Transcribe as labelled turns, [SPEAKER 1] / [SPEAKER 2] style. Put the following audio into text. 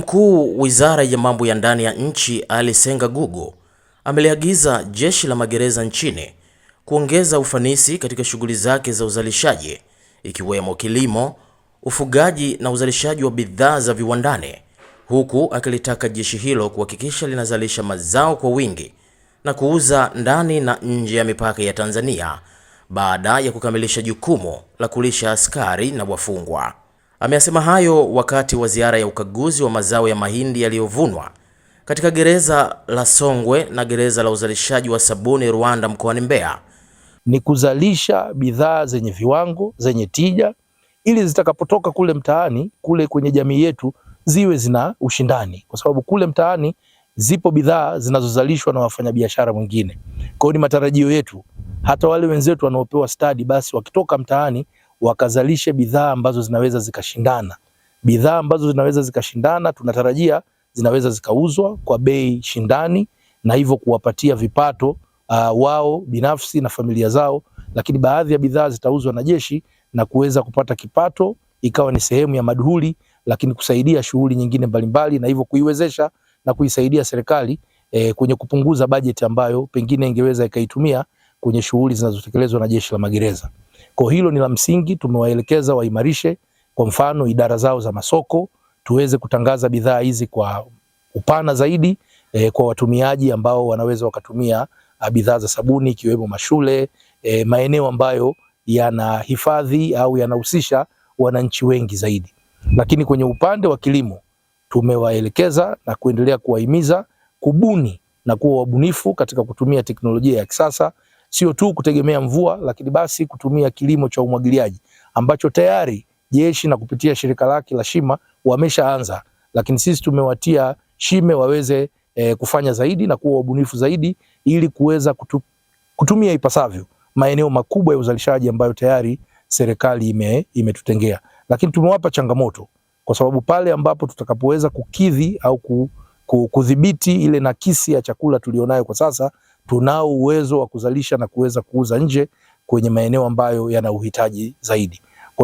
[SPEAKER 1] Mkuu Wizara ya Mambo ya Ndani ya Nchi Ali Senga Gugu ameliagiza Jeshi la Magereza nchini kuongeza ufanisi katika shughuli zake za uzalishaji ikiwemo kilimo, ufugaji na uzalishaji wa bidhaa za viwandani huku akilitaka jeshi hilo kuhakikisha linazalisha mazao kwa wingi na kuuza ndani na nje ya mipaka ya Tanzania baada ya kukamilisha jukumu la kulisha askari na wafungwa. Ameyasema hayo wakati wa ziara ya ukaguzi wa mazao ya mahindi yaliyovunwa katika gereza la Songwe na gereza la uzalishaji wa sabuni Rwanda mkoani Mbeya.
[SPEAKER 2] Ni kuzalisha bidhaa zenye viwango, zenye tija ili zitakapotoka kule mtaani, kule kwenye jamii yetu ziwe zina ushindani, kwa sababu kule mtaani zipo bidhaa zinazozalishwa na wafanyabiashara wengine. Kwa hiyo ni matarajio yetu hata wale wenzetu wanaopewa stadi basi wakitoka mtaani wakazalishe bidhaa ambazo zinaweza zikashindana. Bidhaa ambazo zinaweza zikashindana, tunatarajia zinaweza zikauzwa kwa bei shindani na hivyo kuwapatia vipato uh, wao binafsi na familia zao, lakini baadhi ya bidhaa zitauzwa na jeshi na kuweza kupata kipato, ikawa ni sehemu ya maduhuli, lakini kusaidia shughuli nyingine mbalimbali, na hivyo kuiwezesha na kuisaidia serikali eh, kwenye kupunguza bajeti ambayo pengine ingeweza ikaitumia kwenye shughuli zinazotekelezwa na jeshi la magereza. Kwa hilo ni la msingi, tumewaelekeza waimarishe, kwa mfano idara zao za masoko, tuweze kutangaza bidhaa hizi kwa upana zaidi e, kwa watumiaji ambao wanaweza wakatumia ah, bidhaa za sabuni ikiwemo mashule e, maeneo ambayo yanahifadhi au yanahusisha wananchi wengi zaidi. Lakini kwenye upande wa kilimo tumewaelekeza na kuendelea kuwahimiza kubuni na kuwa wabunifu katika kutumia teknolojia ya kisasa sio tu kutegemea mvua, lakini basi kutumia kilimo cha umwagiliaji ambacho tayari jeshi na kupitia shirika lake la Shima wameshaanza, lakini sisi tumewatia shime waweze e, kufanya zaidi na kuwa wabunifu zaidi ili kuweza kutu, kutumia ipasavyo maeneo makubwa ya uzalishaji ambayo tayari serikali ime, imetutengea. Lakini tumewapa changamoto kwa sababu pale ambapo tutakapoweza kukidhi au kudhibiti ile nakisi ya chakula tulionayo kwa sasa, tunao uwezo wa kuzalisha na kuweza kuuza nje kwenye maeneo ambayo yana uhitaji zaidi.